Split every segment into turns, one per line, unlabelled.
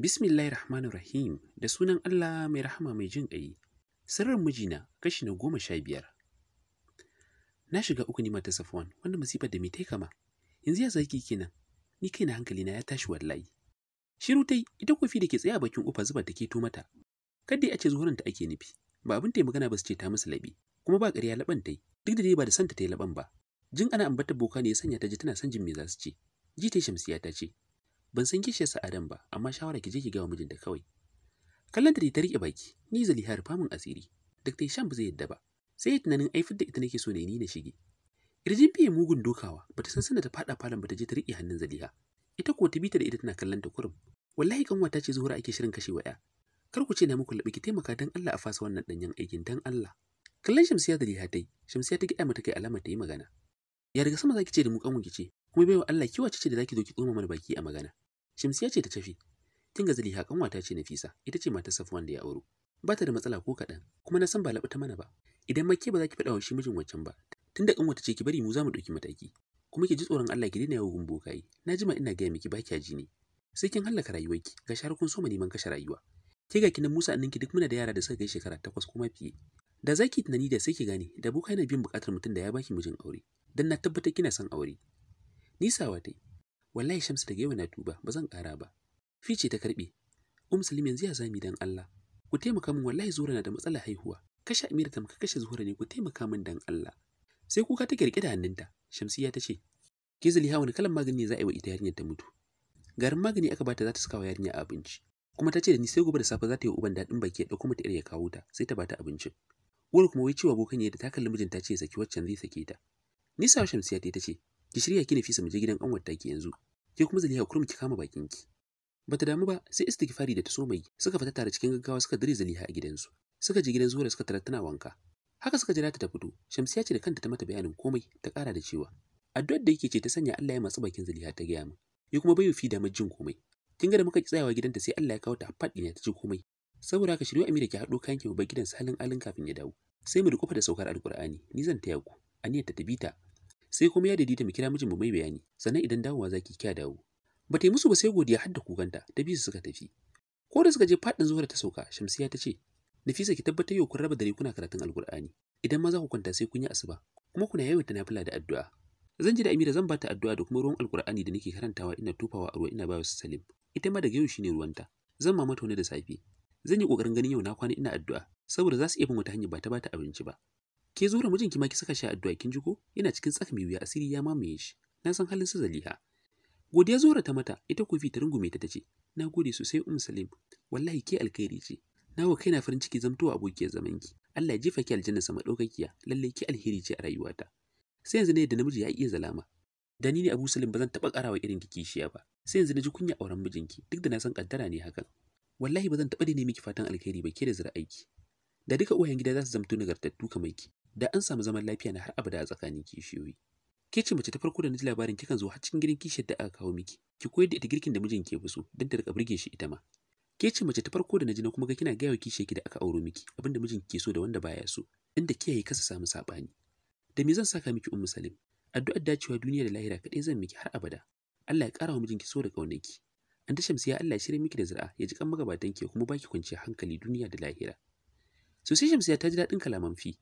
Bismillahi Rahmanir Rahim da sunan Allah mai rahama mai jin ƙai. Sirrin mijina kashi na goma sha biyar. Na shiga uku nima ta safuwan wanda masifar da mai taikama. Yanzu ya zaki kenan. Ni kai na hankali na ya tashi wallahi. Shiru tai ita kofi da ke tsaye a bakin ufa zuba ta to mata. Kadda ya ce zuhurin ta ake nufi. ba abin tai magana ba su ce ta musu laɓi kuma ba ƙarya laɓan tai duk da dai ba da santa ta yi laɓan ba jin ana ambatar boka ne ya sanya ta ji tana son jin me za su ce ji ta shamsiya ta ce ban san kishiyar sa adam ba amma shawara ki je ki ga wa mijinta kawai kallon ta ta riƙe baki ni zaliha rufa asiri duk sham ba zai yadda ba sai tunanin aifin da ita nake so ne ni na shige kirjin biye mugun dokawa bata san sanda ta faɗa falon bata je ta riƙe hannun zaliha ita ko ta bi ta da ita tana kallon ta kurum wallahi kanwa ta ce zuhura ake shirin kashe waya kar ku ce na muku laɓi ki taimaka don Allah a fasa wannan danyen aikin don Allah kallon shamsiya da liha tai shamsiya ta gida mata kai alama ta yi magana ya daga sama zaki ce da mu kanmu ce kuma baiwa Allah ki wace ce da zaki zo ki tsoma mana baki a magana shamsiya ce ta tafi kin ga zaliha kanwata ce nafisa ita ce matar safwan da ya auro ba ta da matsala ko kaɗan kuma na san ba laɓa ta mana ba idan makke ba za ki faɗa wa shi mijin wancan ba tunda kanwata ce ki bari mu za mu ɗauki mataki kuma ki ji tsoron Allah ki daina yawo bokayi na ji ma ina gaya miki ba kya sai kin hallaka rayuwarki ga shaharkun so neman kashe rayuwa ke ga kinin Musa ɗinki duk muna da yara da suka kai shekara takwas kuma fiye. Da zaki tunani da sai ki gane da boka yana bin buƙatar mutum da ya baki mijin aure dan na tabbatar kina son aure. Nisa Nisawa dai. Wallahi Shamsu daga yau na tuba ba zan ƙara ba. Fice ta karɓe. Um Salim yanzu ya zami dan Allah. Ku taimaka min wallahi Zuhra na da matsalar haihuwa. Kashe Amira ta muka kashe Zuhra ne ku taimaka min dan Allah. Sai kuka ta kirkida hannunta. Shamsiya ta ce, Gizali ha wani kalan magani za a yi wa ita yarinyar ta mutu. Garin magani aka bata za ta saka yarinya abinci. kuma ta ce da ni sai gobe da safe za ta yi uban daɗin baki ya ɗauko mata ya kawo ta sai ta bata abincin wuri kuma wai cewa bokan yadda ta kalli mijinta ce saki waccan zai sake ta nisa shamsiya ta ce ki shirya ki nufi mu je gidan anwar ki yanzu ke kuma zaliha kurum ki kama bakin ki bata damu ba sai istighfari da ta so mai suka fita tare cikin gaggawa suka dire zaliha a gidansu suka je gidan zuwa suka tara tana wanka haka suka jira ta ta fito shamsiya ce da kanta ta mata bayanin komai ta ƙara da cewa addu'ar da yake ce ta sanya Allah ya matsa bakin zaliha ta gaya min ya kuma bai fi damar jin komai kin ga da muka ki tsayawa gidanta sai Allah ya kawo ta faɗi ne ta ji komai saboda haka shiryo Amira ki haɗo kan ki babban gidan salin alin kafin ya dawo sai mu da kofa da saukar alkur'ani ni zan taya ku aniyar ta tabita sai kuma ya daidaita mu kira mijin mu mai bayani sannan idan dawowa zaki kya dawo ba ta yi musu ba sai godiya har da kuganta ta bisu su suka tafi ko da suka je faɗin zuwa ta sauka shamsiya ta ce Nafisa ki tabbatar yau kun raba dare kuna karatun Alkur'ani. Idan ma za ku kwanta sai kun yi asuba, kuma kuna ta nafila da addu'a. Zan ji da Amira zan bata addu'a da kuma ruwan alqur'ani da nake karantawa ina tufawa a ruwa ina ba bawa Salim. ita ma daga yau shine ruwanta zan ma mata wani da safe zan yi kokarin ganin yau na kwana ina addu'a saboda za su iya bin wata hanya ba ta bata abinci ba ke zura mijinki ma ki saka shi addu'a kin ji ko yana cikin tsak mai wuya asiri ya mamaye shi na san halin su zaliha godiya zura ta mata ita kofi ta rungume ta tace na gode sosai um salim wallahi ke alkhairi ce na wa kaina farin ciki zamtowa abokiyar zaman ki Allah ya jefa ki aljanna sama daukakiya lalle ki alheri ce a rayuwata sai yanzu ne da namiji ya iya zalama da ni ne Abu Salim ba zan taɓa ƙarawa irin ki kishiya ba sai yanzu na ji kunya auren mijinki duk da na san kaddara ne hakan wallahi ba zan taɓa daina miki fatan alheri ba ke da zira aiki da duka uwayen gida za su zamto nagartattu kamar ki da an samu zaman lafiya na har abada a tsakanin kishiyoyi ke ce mace ta farko da na ji labarin kikan zo har cikin gidan kishiyar da aka kawo miki ki koyar da ita girkin da mijin ke so don ta rika burge shi ita ma ke ce mace ta farko da na ji na kuma ga kina gaya wa ki da aka auro miki abinda mijin ke so da wanda baya so inda kiyaye kasa samu sabani da me zan saka miki ummu salim addu'ar dacewa duniya da lahira kaɗai zan miki har abada Allah ya ƙara wa mijinki so da ƙaunarki an ta shamsiya Allah ya shirya miki da zira ya ji kan magabatan ki kuma baki kwanciyar hankali duniya da lahira so sai shamsiya ta ji daɗin kalaman fi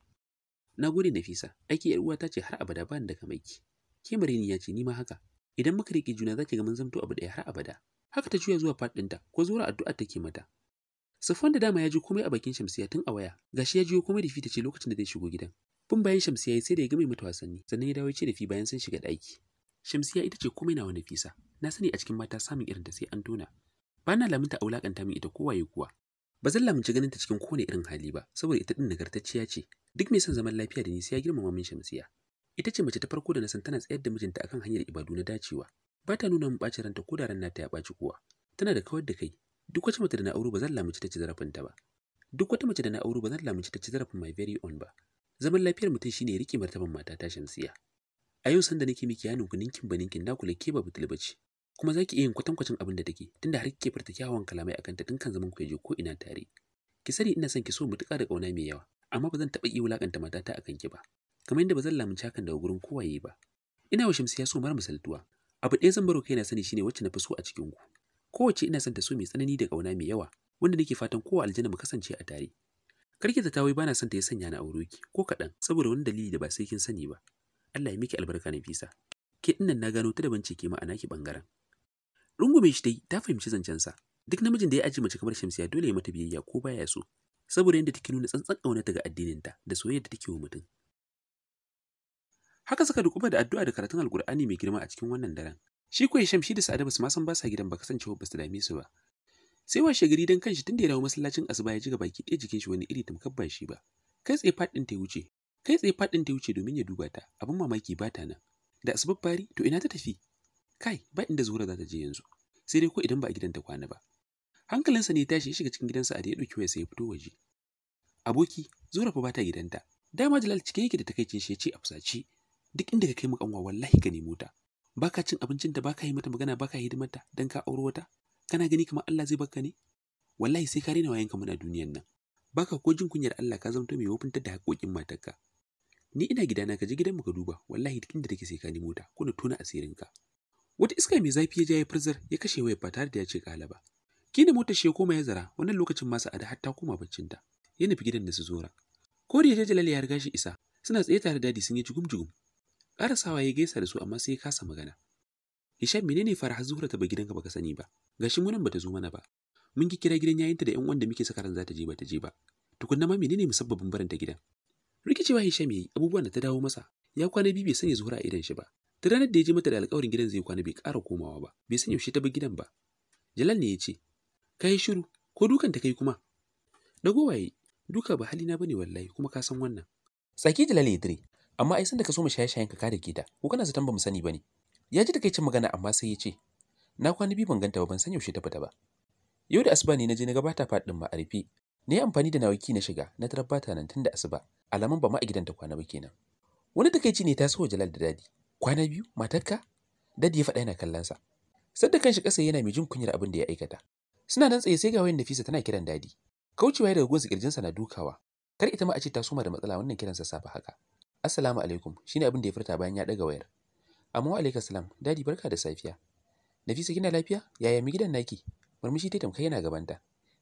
na gode nafisa aiki yar uwa ta ce har abada ba da kamar ki ke marini ya ce ni ma haka idan muka rike juna za ki ga mun zamto abu ɗaya har abada haka ta juya zuwa faɗinta ko zuwa addu'ar take mata Sufwan da dama ya ji komai a bakin Shamsiya tun a waya, gashi ya jiyo komai da fita ce lokacin da zai shigo gidan. bin bayan shamsiya sai da ya gami mata wasanni sannan ya dawo ya ce da fi bayan sun shiga ɗaki shamsiya ita ce komai na wani fisa na sani a cikin mata samun irin ta sai an tona ba na lamunta a wulaƙanta min ita waye kuwa ba zan lamunci ganin ta cikin kowane irin hali ba saboda ita ɗin nagartacciya ce duk mai son zaman lafiya da ni sai ya girmama min shamsiya ita ce mace ta farko da na san tana tsayar da mijinta akan hanyar ibadu na dacewa ba ta nuna min ɓacin ranta ko da ran nata ya ɓaci kuwa. tana da kawar da kai duk wata mace da na aure ba zan lamunci ta ci zarafinta ba duk wata mace da na aure ba zan lamunci ta ci zarafin my very own ba zaman lafiyar mutum shine rike martaban mata ta shamsiya a yau sanda nake miki yanin ku ninkin ba ninkin na kula ke ba butul bace kuma zaki iya yin kwatankwacin abin da take tunda har kike furta kyawawan kalamai akan ta tun kan zaman ku je ko ina tare ki sani ina son ki so mutuka da kauna mai yawa amma ba zan taɓa iya wulakanta matata akan ki ba kamar yadda ba zan lamunci hakan daga gurin kowaye ba ina wa shamsiya so mara misaltuwa abu ɗaya zan baro kaina sani shine wacce na fi so a cikin ku kowace ina son ta so mai tsanani da kauna mai yawa wanda nake fatan kowa aljanna mu kasance a tare Karki ta tawai bana son ta ya sanya na aure ki ko kaɗan saboda wani dalili da ba sai kin sani ba. Allah ya miki albarka Nafisa. Ke dinnan na gano ta da ban ke ma'ana ki bangaren. Rungume shi dai ta fahimci zancen sa Duk namijin da ya aji mace kamar Shamsiya dole ya mata biyayya ko baya so. Saboda yadda take nuna tsantsan ƙaunarta ga addininta da soyayya da take wa mutum. Haka suka dukuba da addu'a da karatun Alkur'ani mai girma a cikin wannan daren. Shi ko shamsi da Sa'ada basu ma san ba sa gidan ba kasancewa ba su dame su ba. sai washe gari don kanshi tun da ya dawo masallacin asuba ya ji baki ɗaya jikin shi wani iri tamkar ba shi ba kai tsaye faɗin ta wuce kai tsaye faɗin ta wuce domin ya duba ta abin mamaki ba ta nan da asubar bari to ina ta tafi kai ba inda zuwa za ta je yanzu sai dai ko idan ba a gidan ta kwana ba hankalinsa ne tashi ya shiga cikin gidansa a da ya ɗauki waya sai ya fito waje aboki zura fa ba ta gidanta dama jalal cike yake da takaicin shi ya ce a fusace duk inda ka kai mu kanwa wallahi ka nemo ta baka cin abincin ta baka yi mata magana baka ta dan ka auro wata kana gani kamar Allah zai baka ne wallahi sai ka rena wayanka muna duniyan nan baka ko jin kunyar Allah ka zamto mai wofintar da haƙoƙin matarka ni ina gidana ka je gidan mu ka duba wallahi duk inda take sai ka ni mota ko na tona ka wata iska mai zafi ya je furzar ya kashe waya fatar da ya ce kalaba kina motar shi ya koma zara wannan lokacin masa ada har ta koma ta ya nufi gidan da su zora Ko da jalal ya riga shi isa suna tsaye tare da dadi sun yi jugum jugum karasawa ya gaisa da su amma sai ya kasa magana Hisham menene Farha Zuhra ta ba gidanka baka sani ba? Gashi munan bata zo mana ba. Mun ki kira gidan yayinta da ƴan uwan da muke saka ran za ta je ba ta je ba. Tukunna ma menene musabbabin barin ta gidan? Rikicewa Hisham yayi abubuwan da ta dawo masa. Ya kwana biyu bai sanya Zuhra a idan shi ba. Ta ranar da ya je mata da alƙawarin gidan zai kwana bai ƙara komawa ba. Bai san yaushe ta bar gidan ba. Jalal ne ya ce, "Ka yi shiru, ko dukan ta kai kuma?" Dago waye, duka ba halina bane wallahi kuma ka san wannan. Saki Jalal ya dire, amma ai san ka so mu shaye-shayen ka da ke ta, ko kana zaton ba mu sani bane. Ya ji takaicin magana amma sai ya ce, Na kwana biyu ban ganta ba ban san yaushe ta fita ba. Yau da asuba ne na je na gabata faɗin ma a Na yi amfani da nawaki na shiga na tarar bata nan tun da asuba. Alamun ba ma a gidanta kwana ba kenan. Wani takaici ne ta so Jalal da dadi. Kwana biyu matarka? Dadi ya faɗa yana kallon sa. Sadda kanshi ƙasa yana mai jin kunyar abin da ya aikata. Suna nan tsaye sai ga wayan Nafisa tana kiran dadi. Kaucewa daga gunsa kirjinsa na dukawa. Kar ita ma a ce ta soma da matsala wannan kiransa safa haka. Assalamu alaikum shine abin da ya furta bayan ya ɗaga wayar. Amma alaikum salam, dadi barka da safiya. Nafisa kina lafiya? Yaya mi gidan naki? Murmushi ta tamka yana gabanta.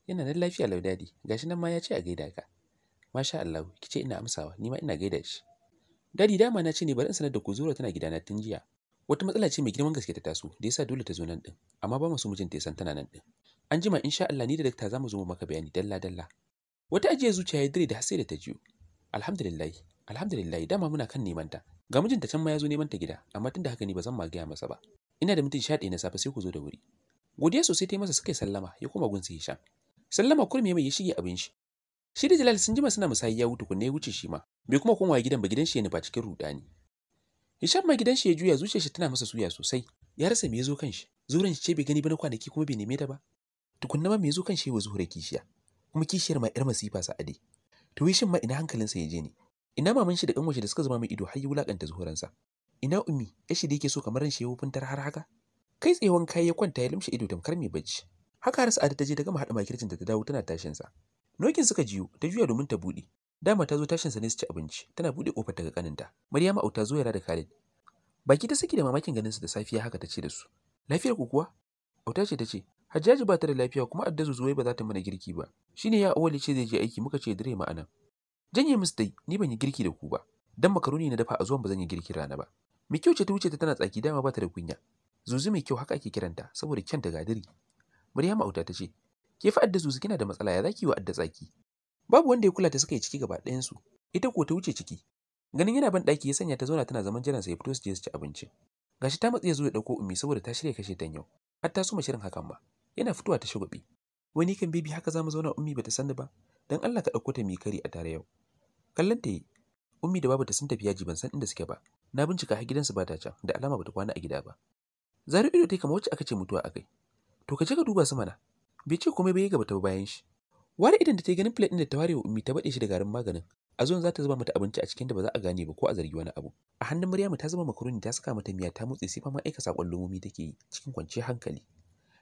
Yana nan lafiya lau dadi, gashi nan ma ya ce a gaida ka. Masha Allah, kice ina amsawa, ni ma ina gaida shi. Dadi dama na ce ne bari in sanar da ku Zura tana gidana tun jiya. Wata matsala ce mai girman gaske ta taso, da yasa dole ta zo nan din, amma ba mu so mijinta ta san tana nan din. An jima insha Allah ni da dakta za mu zo maka bayani dalla dalla. Wata ajiyar zuciya ya dire da har sai da ta jiyo. Alhamdulillah, alhamdulillah dama muna kan neman ta. ga mijinta can ma ya zo neman ta gida amma tunda haka ne ba zan ma gaya masa ba ina da mutum 11 na safe sai ku zo da wuri godiya sosai ta yi masa suka sallama ya koma ya sha sallama kurmi mai ya shige abin shi shi da Jalal sun jima suna musayi ya wuce kunne ya wuce shi ma bai kuma komawa gidan ba gidan shi ne ba cikin rudani Hisham ma gidan shi ya juya zuciya shi tana masa suya sosai ya rasa me ya zo kan shi zuran shi ce bai gani ba na kwanaki kuma bai neme ta ba tukunna ma me ya zo kan shi ya zuhura kishiya kuma kishiyar ma yar masifa sa'ade to shin ma ina hankalinsa ya je ne ina maman shi da kanwar shi da suka zama mai ido har ya wulakanta zuhuransa ina ummi ya shi da yake so kamar ran shi ya wufuntar har haka kai tsewan kai ya kwanta ya lumshe ido tamkar mai bacci haka har sa'ada ta je ta gama haɗa makircin da ta dawo tana tashin sa nokin suka jiyo ta juya domin ta buɗe dama ta zo tashin sa ne su ci abinci tana buɗe kofar daga kaninta maryama auta zo yara da khalid baki ta saki da mamakin ganin su da safiya haka ta ce da su lafiyar ku kuwa auta ce ta ce hajjaji ba ta da lafiya kuma addazu zuwai ba za ta mana girki ba shine ya awali ce zai je aiki muka ce dire ma'ana Janye musu dai, ni ban yi girki da ku ba. Dan makaroni na dafa a zuwan ba zan yi girki rana ba. Mai kyau ce ta wuce ta tana tsaki dama ba ta da kunya. Zuzu mai kyau haka ake kiranta saboda kyan da gadiri. Maryama auta ta ce, "Ke fa adda zuzu kina da matsala ya zaki wa adda tsaki." Babu wanda ya kula ta suka yi ciki gaba ɗayan Ita ko ta wuce ciki. Ganin yana ban ɗaki ya sanya ta zauna tana zaman jiran ya fito su je su ci abinci. Gashi ta matsi ya zo ya ɗauko ummi saboda ta shirya kashe tan yau. Har ta suma shirin hakan ma. Yana fitowa ta shagwabi. Wani kan bibi haka za mu zauna ummi bata sani ba. don Allah ka ɗauko ta mu kari a tare yau. Kallon ta yi, Ummi da Babata sun tafi yaji ban san inda suke ba. Na bincika har gidansu ba ta can, da alama ba ta kwana a gida ba. zari ido tai kamar wacce aka ce mutuwa kai. To ka je ka duba su mana. Bai ce komai bai gaba ta bayan shi. Ware idan da ta ganin plate din da ta ware wa Ummi ta bade shi da garin maganin. A zuwan za ta zuba mata abinci a cikin da ba za a gane ba ko a zargi wani abu. A hannun Maryamu ta zuba makaroni ta saka mata miya ta mutse sai fama aika sakon lomomi take yi cikin kwanciyar hankali.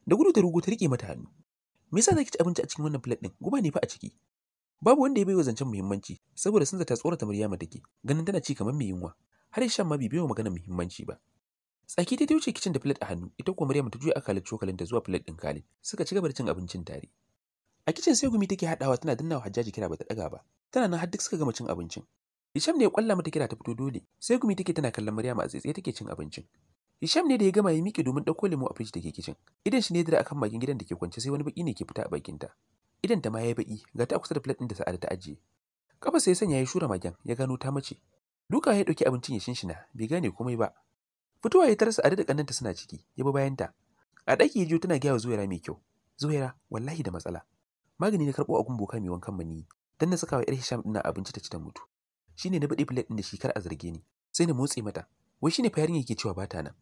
Da gudu da rugu ta rike mata hannu. Me yasa zaki ci abinci a cikin wannan plate din? Guba ne fa a ciki. Babu wanda ya bai wa zancen muhimmanci saboda sun zata tsorata murya take ganin tana ci kamar mai yunwa. Har shan ma bai baiwa magana muhimmanci ba. Tsaki ta wuce kicin da plate a hannu ita kuwa Maryama ta juya akalar cokalin ta zuwa plate din suka ci gaba da cin abincin tare. A kicin sai gumi take hadawa tana dannawa Hajjaji kira bata daga ba. Tana nan har duk suka gama cin abincin. Hisham ne ya kwalla mata kira ta fito dole sai gumi take tana kallon Maryama a tsaitsaye take cin abincin. Hisham ne da ya gama ya miƙe domin ɗauko lemo a fridge da ke kicin. Idan shi ne dira akan bakin gidan da ke kwance sai wani baki ne ke fita a bakinta. idan ta ma ya baki ga ta kusa da plate din da Sa'ada ta ajiye kafa sai sanya ya shura magen ya gano ta mace duka ya dauki abincin ya shinshina bai gane komai ba fitowa ya tarsa Sa'ada da kannanta suna ciki ya bi bayan ta a daki ya tana gaya wa Zuwaira mai kyau Zuwaira wallahi da matsala magani na karbo a boka mai wankan mani dan na saka wa yar Hisham dinnan abinci ta ci ta mutu shine na bade plate din da shi a zarge ni sai na motsi mata wai shine fayarin yake cewa bata nan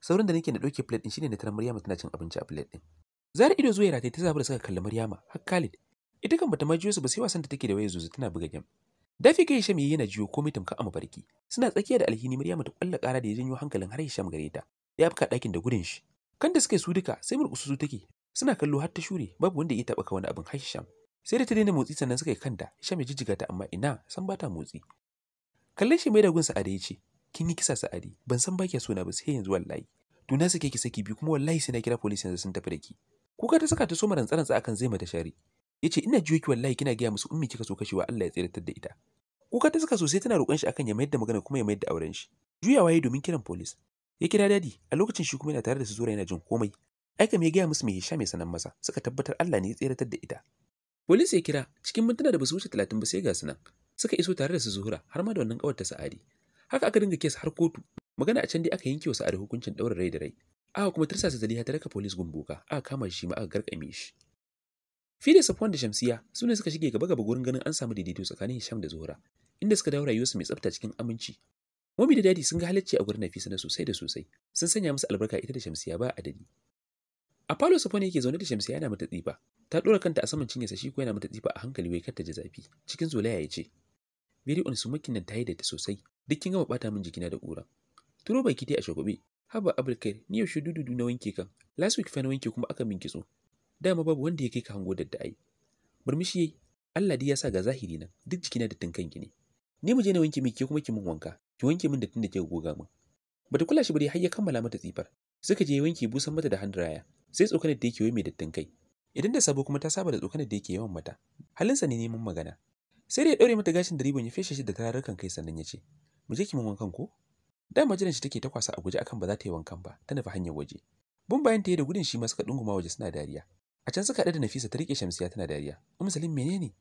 saurin da nake na dauke plate din shine na tarar Maryam tana cin abinci a plate din Zara ido zuwa rataye ta zabi da suka kalli Maryama har Khalid. Ita kan bata majiyo su ba sai wasan ta take da waya zuzu tana buga game. Dafi kai Hisham yana jiyo komai tamka a mafarki. Suna tsakiya da alhini Maryama ta kwalla kara da ya janyo hankalin har Hisham gare ta. Ya fuka dakin da gudun shi. Kan da suka su duka sai murƙusu su take. Suna kallo har ta shure babu wanda ya taɓa ka wani abin Hisham. Sai da ta daina motsi sannan suka yi kanta Hisham ya jijjiga ta amma ina san ba ta motsi. Kallon shi mai da ya ce kin yi kisa Sa'adi ban san ba kya so na ba sai yanzu wallahi. Tuna sake ki saki biyu kuma wallahi sai na kira police yanzu sun tafi da ki. kuka ta saka ta soma rantsa sa akan zai mata shari ya ce ina jiyo ki wallahi kina gaya musu ummi kika so kashewa Allah ya tsiratar da ita kuka ta saka sosai tana roƙon shi akan ya mayar da magana kuma ya mayar da auren shi juyawa ya domin kiran police ya kira dadi a lokacin shi kuma yana tare da su zura yana jin komai Ai kam ya ga musu mai hisha mai sanan masa suka tabbatar Allah ne ya tsiratar da ita police ya kira cikin mintuna da basu wuce talatin ba sai ga su suka iso tare da su zuhura har ma da wannan kawar ta sa'adi haka aka dinga kes har kotu magana a can dai aka yanke wa sa'adi hukuncin daura rai da rai aka kuma tursa sa Zaliha ta raka police gumboka aka kama shi ma aka garkame shi Fidda Safwan da Shamsiya su ne suka shige gaba gaba gurin ganin an samu daidaito tsakanin Hisham da Zuhra inda suka dawo Yusuf mai tsafta cikin aminci Mami da Dadi sun ga halacci a gurin Nafisa na sosai da sosai sun sanya masa albarka ita da Shamsiya ba adadi A falo Safwan yake zaune da Shamsiya yana mata tsifa ta ɗora kanta a saman cinyarsa shi ko yana mata tsifa a hankali wai kar ta ji zafi cikin zolaya ya ce Very on su makin nan ta yi da ta sosai duk kin gama bata min jikina da kura turo baki dai a shagobe Haba Abulkair, ni yaushe dududu na wanke kan. Last week fa na wanke kuma aka min kitso. Dama babu wanda ya kai ka hango dadda ai. Murmushi Allah dai ya sa ga zahiri nan, duk jikina da tinkanki ne. Ni mu je na wanke miki kuma ki min wanka. Ki wanke min dattin da ke goga mu Bata kula shi bare har ya kammala mata tsifar. Suka je wanke busan mata da handraya. Sai tsokanar da yake wai mai dattin kai. Idan da sabo kuma ta saba da tsokanar da yake yawan mata. Halinsa ne neman magana. Sai da ya daure mata gashin da ribon ya feshe shi da tararrukan kai sannan ya ce, "Mu je ki min wankan ko?" da jiran shi take ta kwasa a guje akan ba za ta yi wankan ba, ta nufi hanyar waje. Bun bayan ta yi da gudun shi ma suka dunguma waje suna dariya. A can suka haɗu da Nafisa ta riƙe Shamsiya tana dariya. Um Salim menene?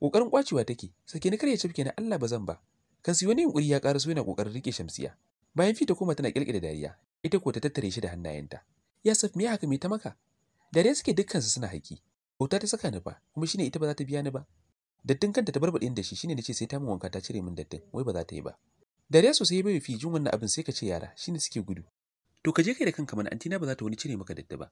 Ƙoƙarin kwacewa take, sake ni karya cafke na Allah ba zan ba. Kan su wani yunkuri ya ƙara so yana ƙoƙarin riƙe Shamsiya. Bayan fita koma tana kirkira dariya, ita ko ta tattare shi da hannayenta. Yasuf me haka me ta maka? Dariya suke dukkansu suna haƙi. Bauta ta saka ni ba, kuma shine ita ba za ta biya ni ba. Dattin kanta ta barbaɗe da shi shine nace sai ta min wanka ta cire min dattin, wai ba za ta yi ba. Dariya sosai bai fi jin wannan abin sai ka ce yara shine suke gudu. To ka je kai da kanka mana antina ba za ta wani cire maka dadda ba.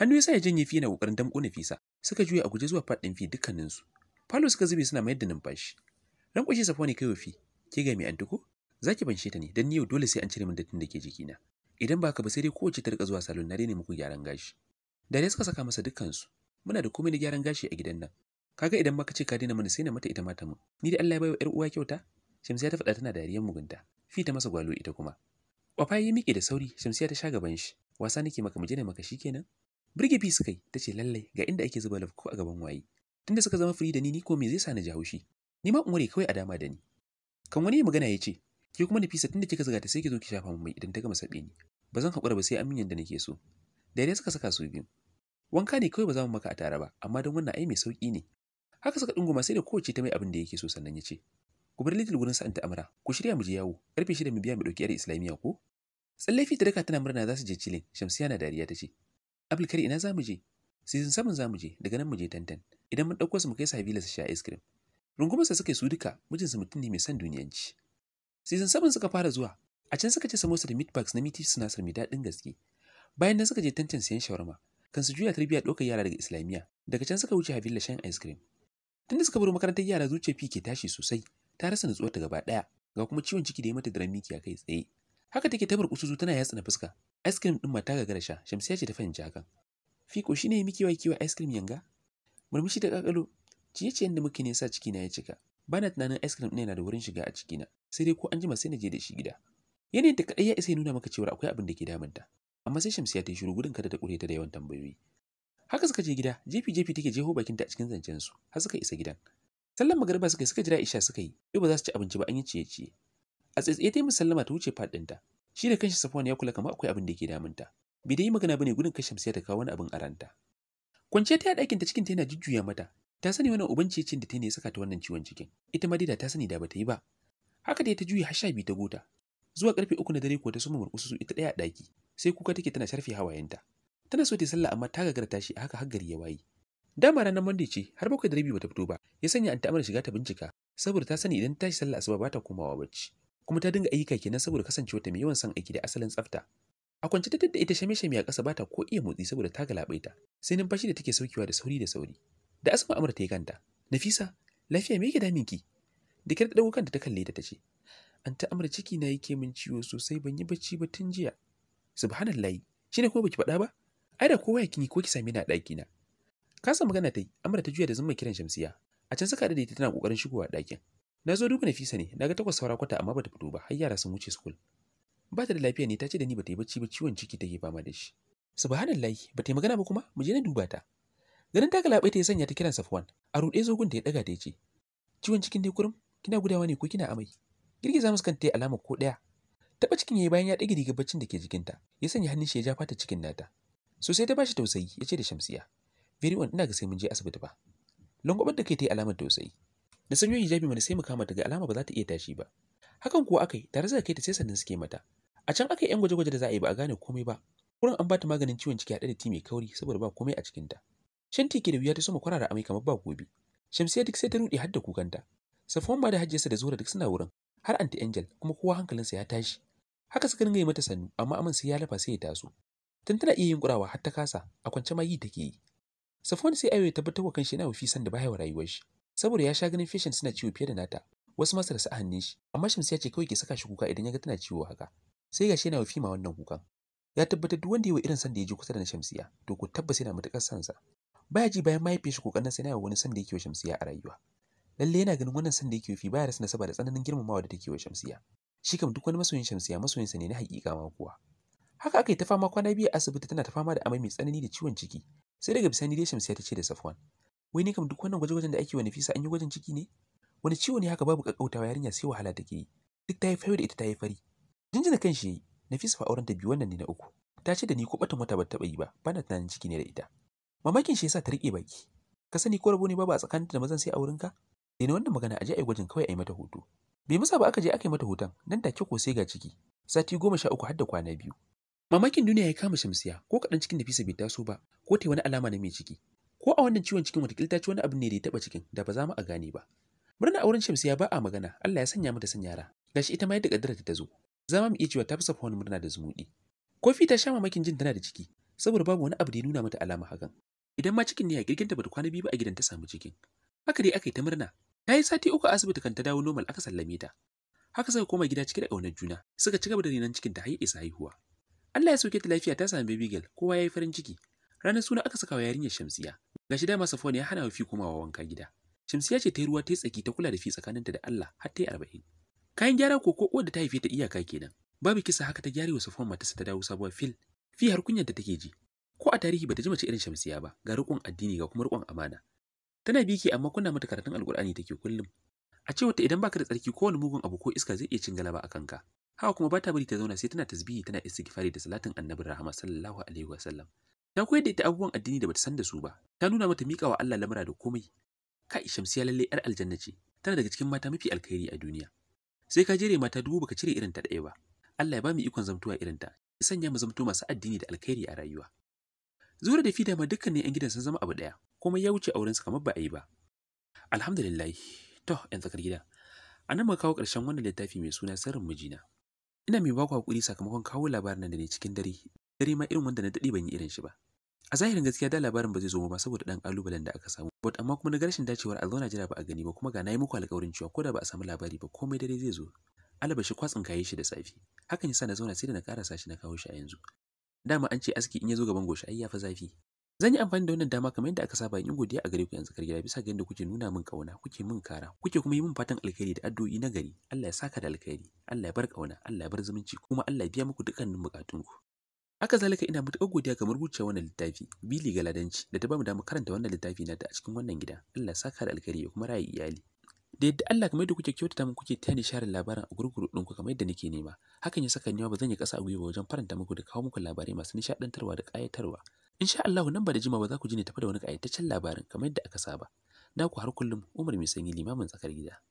Hannu ya sa ya janye fi na kokarin damƙo fisa. suka juya a guje zuwa faɗin fi dukkaninsu. Falo suka zube suna mayar da numfashi. kushi safuwa ne kai wafi. ke ga mai antuko? Za ki banshe ta ne dan ni yau dole sai an cire min dattin da ke jikina. Idan ba ka ba sai dai kowace ta rika zuwa salon na ne muku gyaran gashi. Dariya suka saka masa su Muna da komai na gyaran gashi a gidan nan. Kaga idan maka ce ka dina mana sai na mata ita mata mu Ni dai Allah ya baiwa uwa kyauta Shamsiya ta faɗa tana dariyar mugunta. Fi ta masa gwalo ita kuma. Kwafa ya miƙe da sauri, Shamsiya ta sha gaban shi. Wasa nake maka mu makashi maka shikenan. Birge fi suka yi, ta ce lallai ga inda ake zuba lafko a gaban waye. Tunda suka zama firi da ni ni ko me zai sa na ji haushi? Ni ma umure kawai a dama da ni. Kan wani magana ya ce, ke kuma fisa tunda kika zuga ta sai ki zo ki shafa mai idan ta gama saɓe ni. Ba zan haƙura ba sai an min da nake so. dare suka saka su biyu. Wanka ne kawai ba za mu maka a tare ba, amma don wannan ai mai sauƙi ne. Haka suka ɗunguma sai da kowace ta mai abin da yake so sannan ya ce, ku bar little gurin sa'anta amara ku shirya mu je yawo karfe shida mu biya mu dauki yar islamiyya ko tsallafi ta daka tana murna za su je cilin shamsiya na dariya ta ce abulkari ina za mu je season seven za mu je daga nan mu je tantan idan mun ɗauko su mu kai sabila su sha ice cream rungumarsa suka yi su duka mijin su mutum ne mai son duniyanci season seven suka fara zuwa a can suka ci samosa da meat bags na meat suna mai daɗin gaske bayan nan suka je tantan siyan shawarma kan su juya tarbiyya ɗaukar yara daga islamiyya daga can suka wuce havila shan ice cream tunda suka bar makarantar yara zuciya fi ke tashi sosai ta rasa nutsuwar ta gaba ɗaya ga kuma ciwon ciki da ya mata daren miki a kai tsaye haka take ta kusuzu tana yatsa na fuska ice cream din mata gagara sha shamsiya ce ta fahimci hakan fiko shine miki wa kiwa ice cream yanga murmushi da kakalo ciye-ciyen da muke ne sa ciki na ya cika bana tunanin ice cream din yana da wurin shiga a ciki na sai dai ko an jima sai na je da shi gida yanayin ta kadai ya isa ya nuna maka cewa akwai abin da ke damunta amma sai shamsiya ta yi shiru gudun kada ta kure ta da yawan tambayoyi haka suka je gida jefi jefi take jeho bakinta a cikin zancen su har suka isa gidan sallan magariba suka yi suka jira isha suka yi yau ba za su ci abinci ba an yi ciye-ciye a tsaitsaye ta yi sallama ta wuce faɗinta shi da kanshi safuwan ya kula kamar akwai abin da yake damunta bai da yi magana ba ne gudun kashe sai ta kawo wani abin a ranta kwanciya ta ɗakin ta cikin ta yana jujjuya mata ta sani wannan uban cicin da ta ne ya saka ta wannan ciwon cikin ita ma da ta sani da ba ta yi ba haka dai ta juya har sha biyu ta gota zuwa karfe uku na dare ko ta suma murƙusu ita ɗaya a ɗaki sai kuka take tana sharfe hawayenta tana so ta sallah amma ta gagara tashi a haka har gari ya waye Dama ranar Monday ce har bakwai da rabi bata fito ba, ya sanya an ta'amar shiga ta bincika saboda ta sani idan ta tashi sallah asuba bata komawa bacci. Kuma ta dinga ayyuka kenan saboda kasancewa ta mai yawan son aiki da asalin tsafta. A kwance ta tadda ita shame-shame a ƙasa bata ko iya motsi saboda ta galabaita, sai numfashi da take saukewa da sauri da sauri. Da asma ta ya kanta, Nafisa, lafiya me yake daminki? Da kyar ta kanta ta kalle ta tace, an ta ciki na yake min ciwo sosai ban yi bacci ba tun jiya. Subhanallahi, shine kuma baki faɗa ba? Ai da kowa ya kinyi ko ki same ni a kasa magana ta yi amara ta juya da zuma kiran shamsiya a can suka da ita tana kokarin shigowa ɗakin na zo duba nafisa ne naga takwas saura kwata amma bata fito ba har yara sun wuce school ba ta da lafiya ne ta ce da ni bata yi bacci ba ciwon ciki ta take fama da shi subhanallahi bata yi magana ba kuma mu je na duba ta ganin ta galabai ta ya sanya ta kiran safwan a ruɗe zogun ta ya daga ta ya ce ciwon cikin dai kurum kina gudawa ne ko kina amai girgiza musu kanta ta alama ko ɗaya taba cikin yayi bayan ya ɗage rigar baccin da ke jikinta ya sanya hannun shi ya ja fata cikin nata sosai ta bashi tausayi ya ce da shamsiya very ina ga sai mun je asibiti ba langwabar da kai ta yi alamar tausayi da sanyo hijabi mana sai mu kama daga alama ba za ta iya tashi ba hakan kuwa akai tare da kai ta sai sannan suke mata a can aka yi 'yan gwaje-gwaje da za a yi ba a gane komai ba wurin an bata maganin ciwon ciki haɗe da ti mai kauri saboda ba komai a cikinta. Shan ke da wuya ta soma kwarara amai kamar ba gobe. Shamsiya duk sai ta nuɗe har da kukanta. Safuwan ma da hajjiyarsa da Zura duk suna wurin, har anti Angel kuma kowa hankalinsa ya tashi. Haka suka dinga yi mata sannu amma aman sai ya lafa sai ya taso. Tun tana iya yin kurawa har ta kasa, a kwance ma yi take yi. Safwan sai Ayo ya tabbatar wa kanshi yana wafi san da baya wa rayuwar shi. Saboda ya sha ganin fishin suna ciwo fiye da nata. Wasu masa da su hannun shi, amma shi ya ce kawai ke saka shi kuka idan ya ga tana ciwo haka. Sai gashi yana wafi ma wannan kukan. Ya tabbatar duk wanda ya wa irin san da ya ji kusa da na Shamsiya, to ku tabbas yana matukar san sa. Baya ji bayan mahaifin shi nan sai yana wani san da yake wa Shamsiya a rayuwa. Lalle yana ganin wannan san da yake wufi baya rasa nasaba da tsananin girmamawa da take wa Shamsiya. Shi kam duk wani masoyin Shamsiya masoyin sa ne na hakika ma kuwa. Haka aka ta fama kwana biyu asibiti tana ta fama da amai mai tsanani da ciwon ciki sai daga bisani dai shamsiya ta ce da safwan wai ni kam duk wannan gwaje-gwajen da ake wa nafisa an yi gwajin ciki ne wani ciwo ne haka babu kakkautawa yarinya sai wahala take yi duk ta yi fayo da ita ta yi fari jinjina kan shi nafisa fa auren ta biyu wannan ne na uku ta ce da ni ko batun wata ba taɓa yi ba bana tunanin ciki ne da ita mamakin shi yasa ta rike baki ka sani ko rabo ne babu a tsakaninta da mazan sai aurenka daina wannan magana a je a yi gwajin kawai a yi mata hoto bai musa ba aka je aka yi mata hoton nan take ko sai ga ciki sati goma sha uku har da kwana biyu Mamakin duniya ya kama Shamsiya, ko kaɗan cikin Nafisa bai taso ba, ko ta wani alama na mai ciki. Ko a wannan ciwon cikin watakil ta ci wani abu ne da ya taɓa cikin da ba za mu a gane ba. Murna auren Shamsiya ba a magana, Allah ya sanya mata son yara. Gashi ita ma yadda kaddarar ta zo. Za mu iya cewa ta fi safa murna da zumuɗi. Kofi ta sha mamakin jin tana da ciki, saboda babu wani abu da ya nuna mata alama hakan. Idan ma cikin ne a ta bata kwana biyu ba a gidan ta samu cikin. Haka dai aka yi ta murna. Ta yi sati uku a asibiti kan ta dawo normal aka sallame ta. Haka suka koma gida cike da ƙaunar juna, suka ci gaba da renon cikin ta haihuwa. Allah ya sauke ta lafiya ta sami baby girl kowa ya yi farin ciki. Ranar suna aka saka wa yarinyar Shamsiya. Gashi dama Safwan ya hana wafi fi komawa wanka gida. Shamsiya ce ta yi ruwa ta yi tsaki ta kula da fi tsakaninta da Allah har ta yi arba'in. Kayan gyara ko ko da ta haife ta iyaka kenan. Babu kisa haka ta gyara wa Safwan matarsa ta dawo sabuwar fil. Fi har kunyar take ji. Ko a tarihi bata ji mace irin Shamsiya ba, ga riƙon addini ga kuma riƙon amana. Tana biki amma kunna mata karatun Alƙur'ani take kullum. A cewa ta idan baka da tsarki kowane mugun abu ko iska zai iya cin galaba a kanka. Hawa kuma bata bari ta zauna sai tana tasbihi tana istighfari da salatin annabin rahama sallallahu alaihi sallam Ta koyar da ita abubuwan addini da bata san da su ba. Ta nuna mata miƙa wa Allah lamura da komai. Ka Shamsiya lalle yar aljanna ce. Tana daga cikin mata mafi alkhairi a duniya. Sai ka jere mata dubu baka cire irin ta ɗaya ba. Allah ya ba mu ikon zamtuwa irin ta. Ya sanya mu zamto masu addini da alkhairi a rayuwa. Zura da Fida ma dukkan ne 'yan gidan sun zama abu ɗaya, kuma ya wuce aurensu kamar ba a yi ba. Alhamdulillah, to 'yan tsakar gida. A mu kawo ƙarshen wannan littafi mai suna sirrin mijina. Ina mai baku hakuri sakamakon kawo labarin nan da ne cikin dare. Dare ma irin wanda na dade ban yi irin shi ba. A zahirin gaskiya da labarin ba zai zo ba saboda ɗan alubalen da aka samu. But amma kuma na ga rashin dacewar a zauna jira ba a gani ba kuma ga nayi yi muku alƙawarin cewa ko da ba a samu labari ba komai dare zai zo. Alabashi kwatsin kayi shi da safi. Hakan yasa na zauna sai da na karasa shi na kawo shi a yanzu. Dama an ce aski in ya zo gaban goshi ai ya fi zafi. Zan yi amfani da wannan dama kamar yadda aka saba in godiya a gare ku yanzu kar bisa ga yadda kuke nuna min kauna, kuke min kara, kuke kuma yi min fatan alkhairi da addu'o'i na gari. Allah ya saka da alkhairi, Allah ya bar kauna, Allah ya bar zumunci, kuma Allah ya biya muku dukkanin bukatunku. Haka zalika ina matuƙar godiya ga rubuce wannan littafi, Bili ga Ladanci, da ta bamu damar karanta wannan littafi na da a cikin wannan gida. Allah ya saka da alkhairi kuma raye iyali. da yadda Allah kamar yadda kuke kyautata min kuke tani sharin labarin a gurguru ɗinku kamar yadda nake nema hakan ya saka niwa ba zan yi ƙasa a gwiwa wajen faranta muku da kawo muku labarai masu nishaɗantarwa da ƙayatarwa Insha Allah nan ba da jima ba za ku ji ne tafi da wani ƙayataccen labarin kamar yadda aka saba. Na ku har kullum Umar mai sanyi limamin tsakar gida.